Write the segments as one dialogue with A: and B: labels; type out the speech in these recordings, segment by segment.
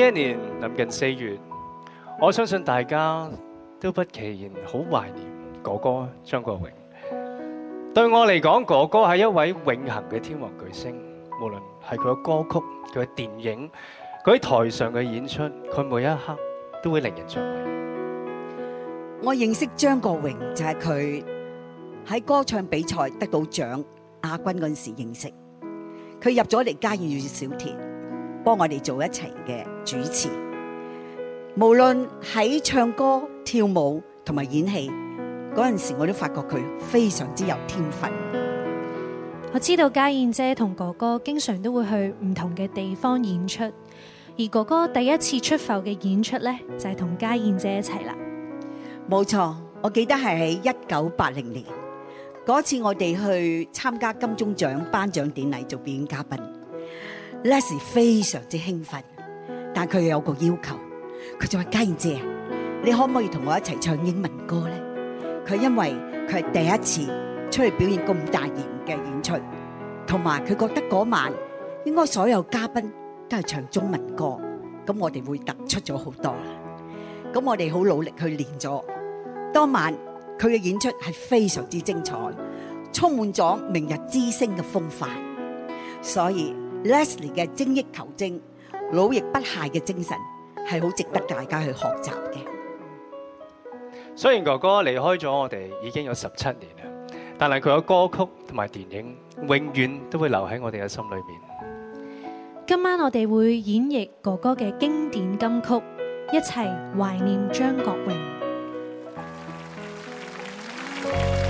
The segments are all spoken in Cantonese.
A: 呢一年臨近四月，我相信大家都不期然好懷念哥哥張國榮。對我嚟講，哥哥係一位永恒嘅天王巨星。無論係佢嘅歌曲、佢嘅電影、佢喺台上嘅演出，佢每一刻都會令人着迷。
B: 我認識張國榮就係佢喺歌唱比賽得到獎亞軍嗰陣時認識。佢入咗嚟嘉義小田，幫我哋做一齊嘅。主持，無論喺唱歌、跳舞同埋演戲嗰陣時，我都發覺佢非常之有天分。我
C: 知道家燕姐同哥哥經常都會去唔同嘅地方演出，而哥哥第一次出埠嘅演出呢，就係同家燕姐一齊啦。
B: 冇錯，我記得係喺一九八零年嗰次，我哋去參加金鐘獎頒獎典禮做表演嘉賓，Leslie 非常之興奮。但佢有個要求，佢就話：嘉燕姐，你可唔可以同我一齊唱英文歌呢？佢因為佢係第一次出去表演咁大型嘅演出，同埋佢覺得嗰晚應該所有嘉賓都係唱中文歌，咁我哋會突出咗好多啦。咁我哋好努力去練咗，當晚佢嘅演出係非常之精彩，充滿咗明日之星嘅風範。所以 Leslie 嘅精益求精，努力不懈嘅精神，係好值得大家去學習嘅。
A: 雖然哥哥離開咗我哋已經有十七年啦，但係佢嘅歌曲同埋電影永遠都會留喺我哋嘅心裏面。
C: 今晚我哋會演繹哥哥嘅經典金曲，一齊懷念張國榮。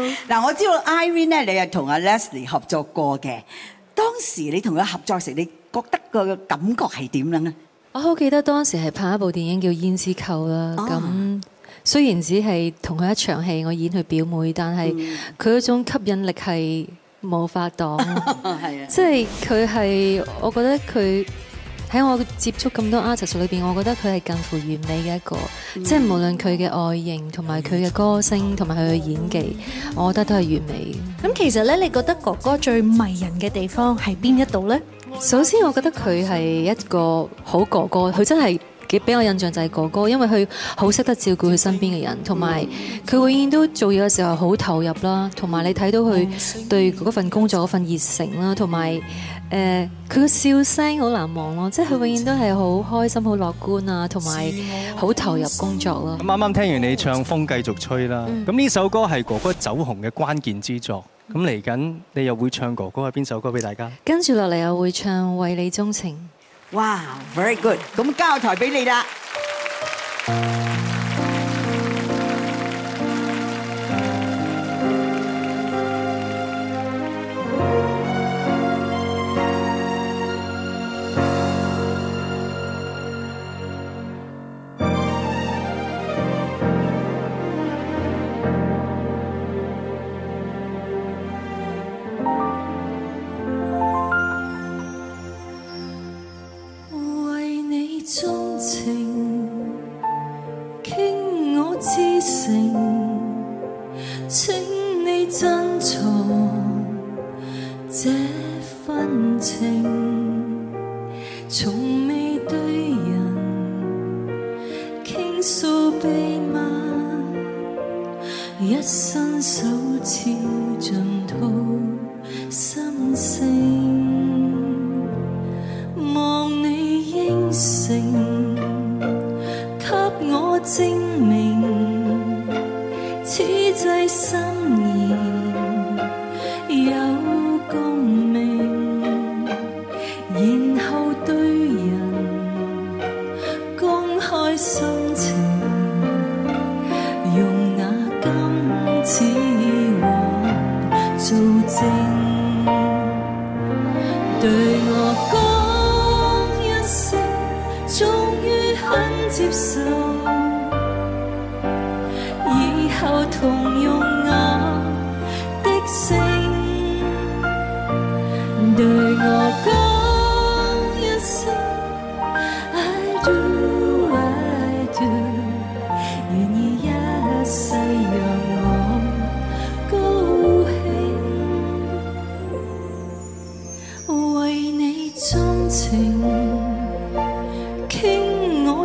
B: 嗱，我知道 Irene 咧，你係同阿 Leslie 合作過嘅。當時你同佢合作時，你覺得個感覺係點樣呢？
D: 我好記得當時係拍一部電影叫《胭脂扣》啦。咁、哦、雖然只係同佢一場戲，我演佢表妹，但係佢嗰種吸引力係冇法擋。係啊，即係佢係，我覺得佢。喺我接觸咁多 artist 裏邊，我覺得佢係近乎完美嘅一個，即係無論佢嘅外形同埋佢嘅歌聲同埋佢嘅演技，我覺得都係完美。
C: 咁其實呢，你覺得哥哥最迷人嘅地方
D: 係邊一度呢？首先，我覺得佢係一個好哥哥，佢真係幾畀我印象就係哥哥，因為佢好識得照顧佢身邊嘅人，同埋佢永遠都做嘢嘅時候好投入啦，同埋你睇到佢對嗰份工作嗰份熱誠啦，同埋。誒佢嘅笑聲好難忘咯，即係佢永遠都係好開心、好樂觀啊，同埋好投入工作咯。
A: 啱啱聽完你唱風繼續吹啦，咁、嗯、呢首歌係哥哥走紅嘅關鍵之作。咁嚟緊你又會唱哥哥係邊首歌俾大家？
D: 跟住落嚟又會唱為你鍾情。
B: 哇，very good！咁交台俾你啦。嗯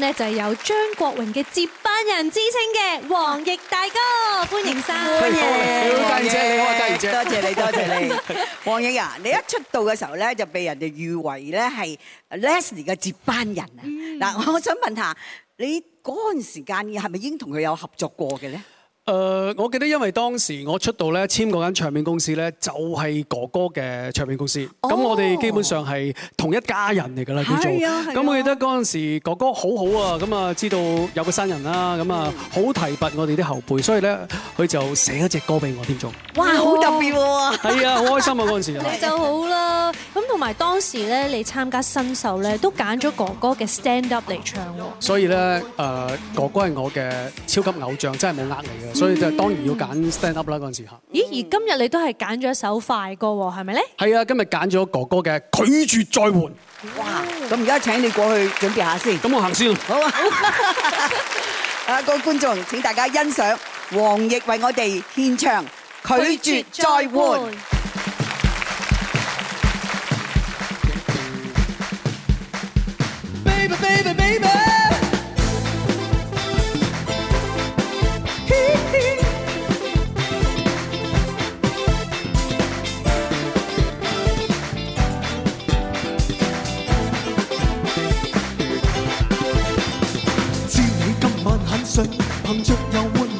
C: 咧就係有張
B: 國榮嘅接班人之稱嘅黃翊大哥，歡迎生爺。嘉儀姐你好啊，嘉儀姐，多謝你，多謝你， 黃翊啊，你一出道嘅時候咧就被人哋譽為咧係 Leslie 嘅接班人啊，嗱、嗯，我想問下你嗰陣時間，你係咪已經同佢有合作過嘅咧？
E: 誒，
F: 我記得因為當時我出道咧，簽嗰間唱片公司咧，就係哥哥嘅唱片公司。咁我哋基本上係同一家人嚟㗎啦，叫做。咁我記得嗰陣時哥哥好好啊，咁啊知道有個新人啦，咁啊好提拔我哋啲後輩，所以咧，佢就寫一隻歌俾我添仲。
C: 哇，好特別喎！係
F: 啊，好開心啊嗰陣時。你
C: 就好啦，咁同埋當時咧，你參加新秀咧，都揀咗哥哥嘅 Stand Up 嚟唱。
F: 所以咧，誒，哥哥係我嘅超級偶像，真係冇呃你嘅。所以就當然要揀 stand up 啦，嗰陣時
C: 嚇。咦？而今日你都係揀咗一首快歌喎，係咪咧？
F: 係啊，今日揀咗哥哥嘅《拒
G: 絕再玩》。
B: 哇！咁而家請你過去準備下先。咁我行先。好啊。啊，各位觀眾，請大家欣賞黃翊為我哋獻唱《拒絕再玩》。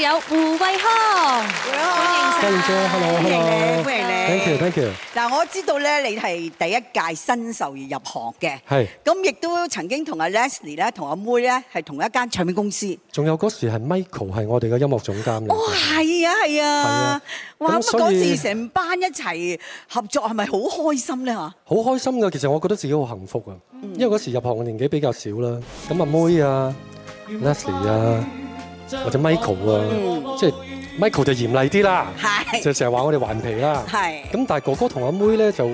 C: 有胡渭康，
H: 歡迎曬，歡迎你，歡迎你。Thank you，Thank you。
B: 嗱，我知道咧，你係第一屆新秀而入行嘅，係。咁亦都曾經同阿 Leslie 咧，同阿妹咧，係同一間
G: 唱片公司。仲有嗰時係 Michael 係我哋嘅音樂總監嚟。哇，
B: 係啊，係啊。係啊。哇，咁啊，嗰時成班一齊合作係咪好開心咧嚇？
G: 好開心㗎，其實我覺得自己好幸福啊。因為嗰時入行嘅年紀比較少啦。咁阿妹啊，Leslie 啊。或者 Michael 啊，即、嗯、係、就是、Michael 就嚴厲啲啦，就成日話我哋頑皮啦，咁但係哥哥同阿妹咧就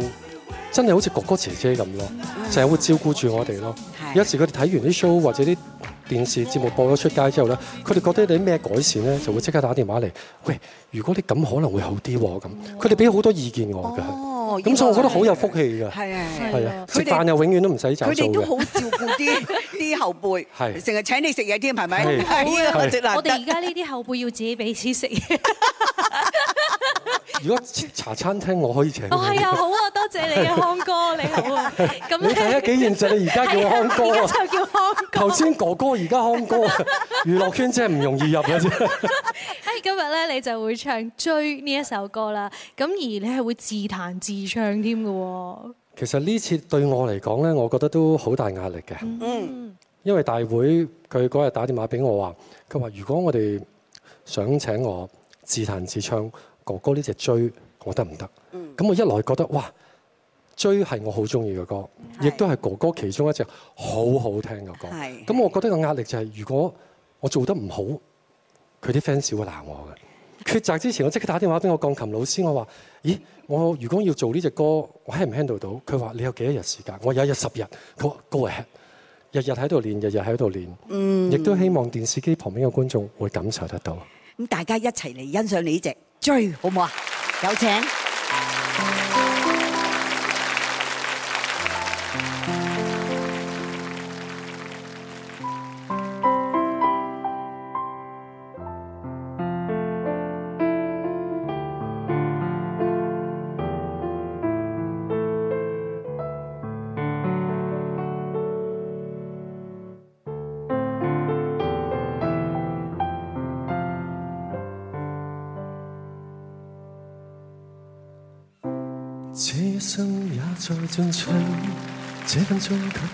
G: 真係好似哥哥姐姐咁咯，成、嗯、日會照顧住我哋咯。有時佢哋睇完啲 show 或者啲電視節目播咗出街之後咧，佢哋覺得有咩改善咧，就會即刻打電話嚟，喂，如果你咁可能會好啲咁，佢哋俾好多意見我、哦、噶。
B: 咁、哦這個、所以，我覺得好有
G: 福氣㗎。係係啊，啊啊食飯又永遠都唔使找數㗎。佢哋都好
B: 照顧啲啲後輩，成日請你食嘢添，係咪？係啊，啊我哋而家呢啲後輩要自己俾錢食嘢。
G: 如果茶餐廳我可以請你，哦係啊，好啊，
C: 多謝，謝你啊，康哥，你好啊。你第一幾現實，你而家叫康哥
G: 就叫康哥。頭先哥哥而家康哥，娛樂圈真係唔容易入嘅啫。喺
C: 今日咧，你就會唱《追》呢一首歌啦。咁而你係，會自彈自唱添㗎。
G: 其實呢次對我嚟講咧，我覺得都好大壓力嘅。嗯，因為大會佢嗰日打電話俾我話，佢話如果我哋想請我自彈自唱。哥哥呢隻追，我得唔得？咁、嗯、我一來覺得哇，追係我好中意嘅歌，亦都係哥哥其中一隻好好聽嘅歌。咁我覺得個壓力就係、是，如果我做得唔好，佢啲 fans 會鬧我嘅。抉 擇之前，我即刻打電話俾我鋼琴老師，我話：咦，我如果要做呢隻歌，我 hand 唔 handle 到？佢話：你有幾多日時間？我有一日十日。佢話：高啊，日日喺度練，日日喺度練。嗯，亦都希望電視機旁邊嘅觀眾會感受得到。咁、
B: 嗯、大家一齊嚟欣賞你呢隻追好唔好啊？有請。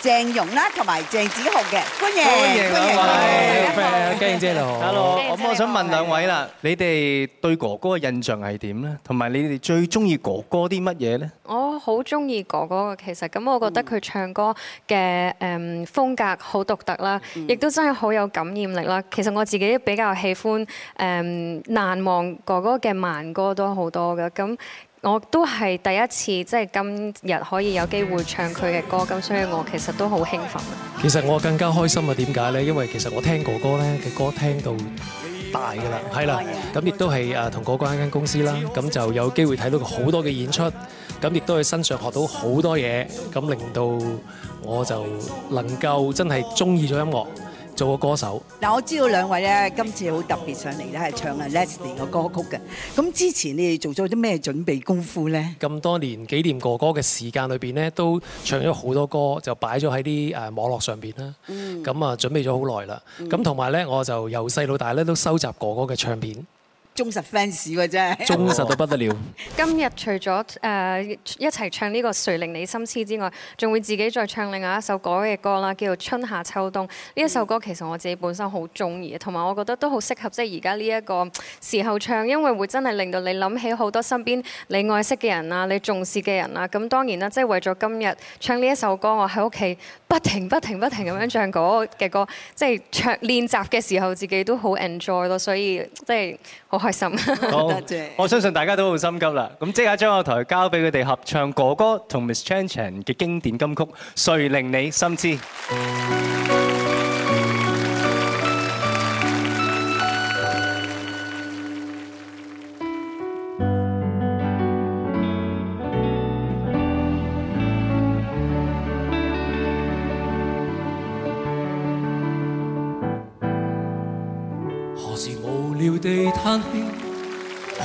B: 鄭融啦，同埋鄭梓浩嘅，歡迎，歡迎兩
A: 位，歡迎姐度，hello，咁我想問兩位啦，你哋對哥哥嘅印象係點咧？同埋你哋最中意哥哥啲乜嘢咧？
I: 我好中意哥哥嘅，其實咁，我覺得佢唱歌嘅誒風格好獨特啦，亦都真係好有感染力啦。其實我自己比較喜歡誒難忘哥哥嘅慢歌都好多嘅咁。我都係第一次即係今日可以有機會唱佢嘅歌咁，所以我其實都好興奮。
J: 其實我更加開心啊！點解呢？因為其實我聽哥哥呢嘅歌聽到大噶啦，係啦，咁亦都係誒同哥哥一間公司啦，咁就有機會睇到好多嘅演出，咁亦都喺身上學到好多嘢，咁令到我就能夠真係中意咗音樂。做個歌手
B: 嗱，我知道兩位咧今次好特別上嚟咧，係唱啊 Leslie 嘅歌曲嘅。咁之前你哋做咗啲咩準備功夫咧？
J: 咁多年紀念哥哥嘅時間裏邊咧，都唱咗好多歌，就擺咗喺啲誒網絡上邊啦。咁、嗯、啊，準備咗好耐啦。咁同埋咧，我就由細到大咧都收集哥哥嘅唱片。
I: 忠實 fans 嘅啫，忠實到不得了， 今了。今日除咗誒一齊唱呢，這個誰令你心痴之外，仲會自己再唱另外一首歌嘅歌啦，叫做春夏秋冬。呢一首歌其實我自己本身好中意，同埋我覺得都好適合即係而家呢一個時候唱，因為會真係令到你諗起好多身邊你愛惜嘅人啊，你重視嘅人啊。咁當然啦，即、就、係、是、為咗今日唱呢一首歌，我喺屋企不停不停不停咁樣唱嗰個嘅歌，即、就、係、是、唱練習嘅時候自己都好 enjoy 咯，所以即係好。就是開心，多謝。
A: 我相信大家都好心急啦，咁即刻將個台交俾佢哋合唱哥哥同 Miss Chan Chan 嘅經典金曲《誰令你心痴》。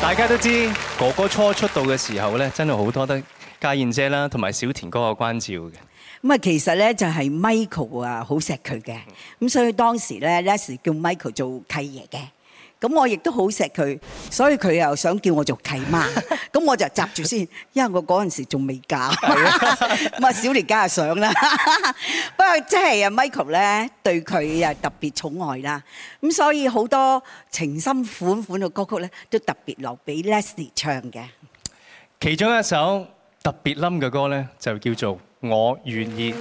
A: 大家都知哥哥初出道嘅時候呢，真係好多得家燕姐啦，同埋小田哥嘅關照嘅。
B: 咁啊，其實咧就係 Michael 啊，好錫佢嘅，咁所以當時咧 Leslie 叫 Michael 做契爺嘅，咁我亦都好錫佢，所以佢又想叫我做契媽，咁我就閘住先，因為我嗰陣時仲未嫁，咁啊小年家啊上啦，不過即係啊 Michael 咧對佢啊特別寵愛啦，咁所以好多情深款款嘅歌曲咧都特別留俾 Leslie 唱嘅，
A: 其中一首。特別冧嘅歌咧，就叫做《我願意》。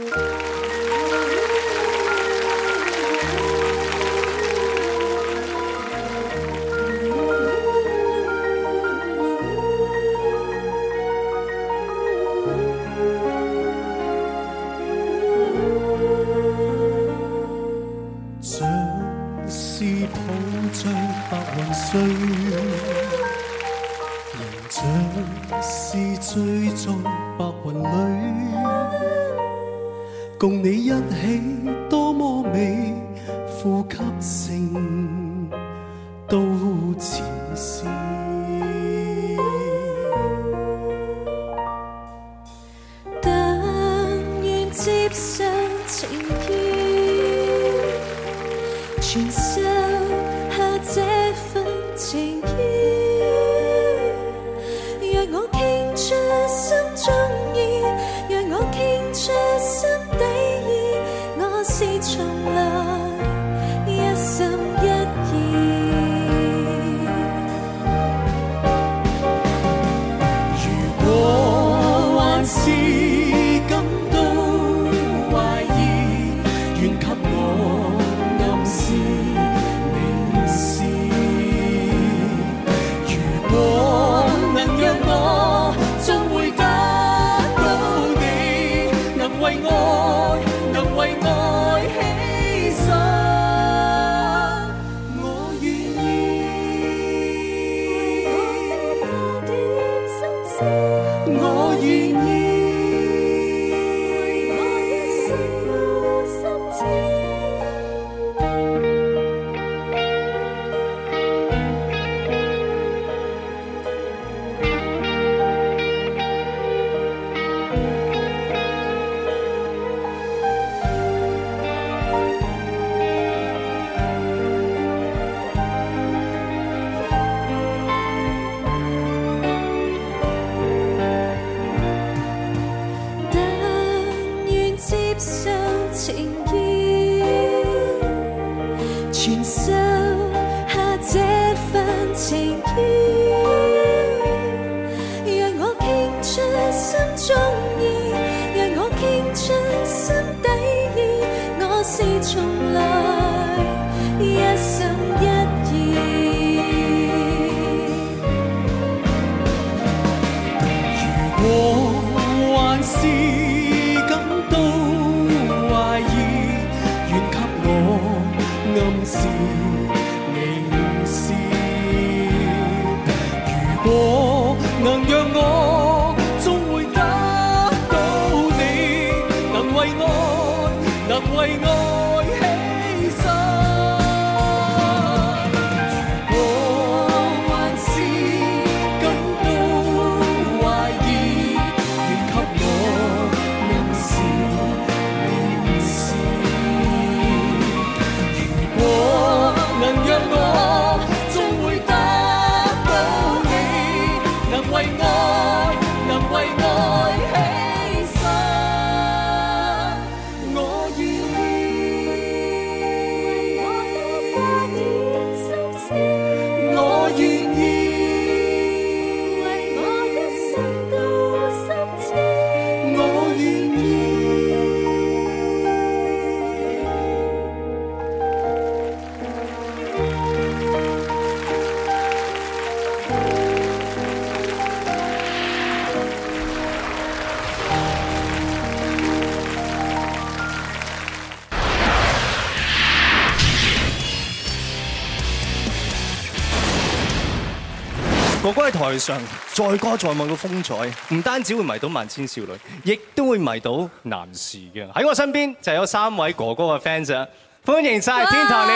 A: 台上載歌載舞嘅風采，唔單止會迷到萬千少女，亦都會迷到男士嘅。喺我身邊就有三位哥哥嘅 fans，歡迎晒天堂鳥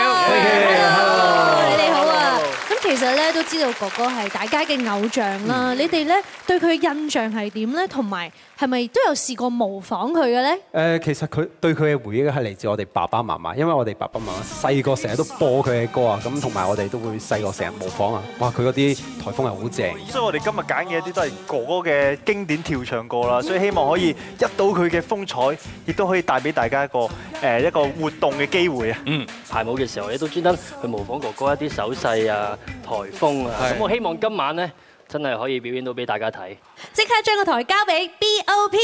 A: ，Hello，你
C: 哋好啊！咁其實咧都知道哥哥係大家嘅偶像啦，你哋咧對佢印象係點咧？同埋係咪都有試過模仿佢嘅咧？
G: 誒，其實佢對佢
A: 嘅回憶係嚟自我哋爸爸媽媽，因為我哋爸爸媽媽細個成日都播佢嘅歌啊，咁同埋我哋都會細個成日模仿啊，哇！佢嗰啲台風係好正，所以我哋今日揀嘅一啲都係哥哥嘅經典跳唱歌啦，所以希望可以一睹佢嘅風采，亦都可以帶俾大家一個誒一個活動嘅機會啊！嗯，排舞嘅時候咧都專登去模仿哥哥一啲手勢啊！颱風啊！咁我希望今晚咧，真係可以表演到俾大家睇。
C: 即刻將個台交俾 BOP。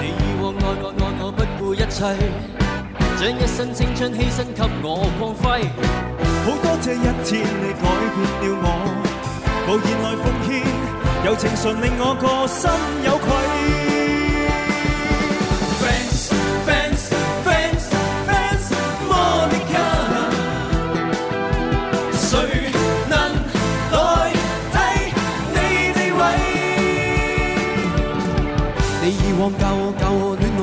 A: 你以往愛我愛我不顧一切，將一生青春犧牲給我
F: 光輝。好多謝一次你改變了我，無言來奉獻，有情純令我個心有愧。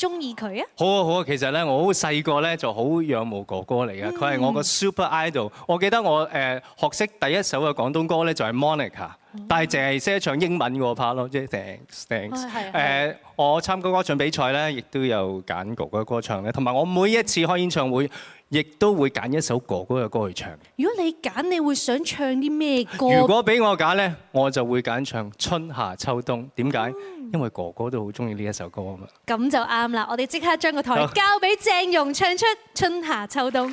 C: 中意佢啊！
A: 好啊好啊，其實咧，我好細個咧就好仰慕哥哥嚟嘅，佢、嗯、係我個 super idol。我記得我誒、呃、學識第一首嘅廣東歌咧就係 Monica、嗯、但係淨係識唱英文個 part 咯，即係 thanks thanks。誒、呃，我參加歌唱比賽咧，亦都有揀哥哥嘅歌唱嘅，同埋我每一次開演唱會。亦都會揀一首哥哥嘅歌去唱。
C: 如果你揀，你會想唱啲咩歌？如果
A: 俾我揀呢，我就會揀唱《春夏秋冬》。點解？嗯、因為哥哥都好中意呢一首歌啊嘛。
C: 咁就啱啦！我哋即刻將個台交俾鄭融唱出《春夏秋冬》。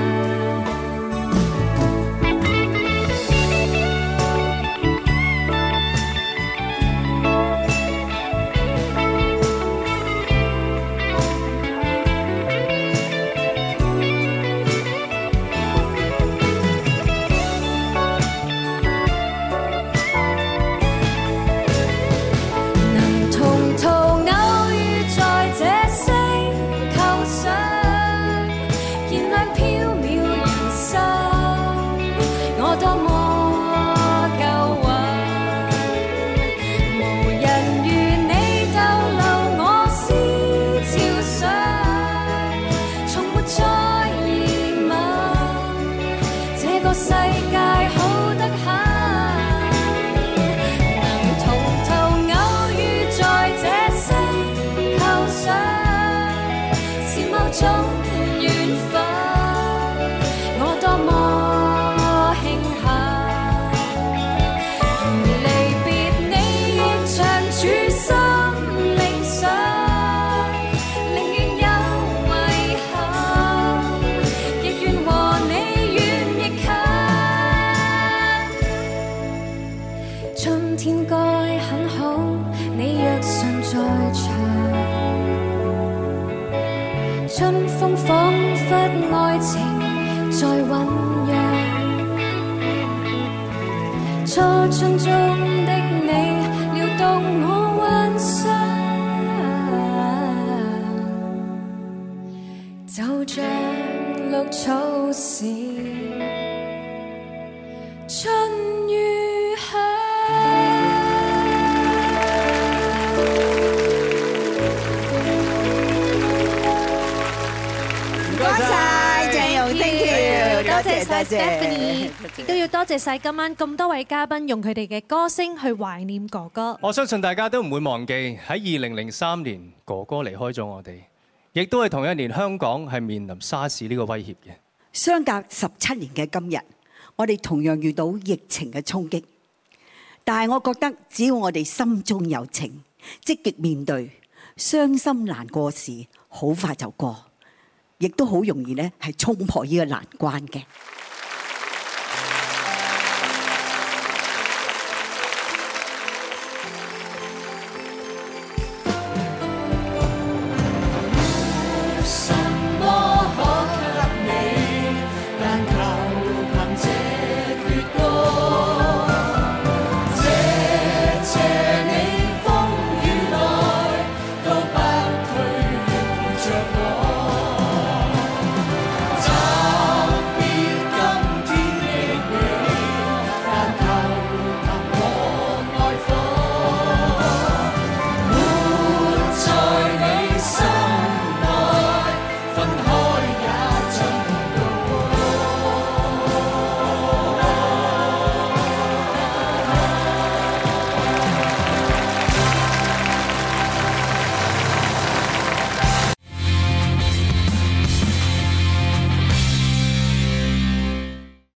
B: Stephanie，
A: 亦
H: 都要
C: 多謝晒今晚咁多位嘉賓，用佢哋嘅歌聲去懷念哥哥。
A: 我相信大家都唔會忘記喺二零零三年哥哥離開咗我哋，亦都係同一年香港係面臨沙士呢個威脅嘅。
B: 相隔十七年嘅今日，我哋同樣遇到疫情嘅衝擊，但係我覺得只要我哋心中有情，積極面對，傷心難過時好快就過，亦都好容易呢係衝破呢個難關嘅。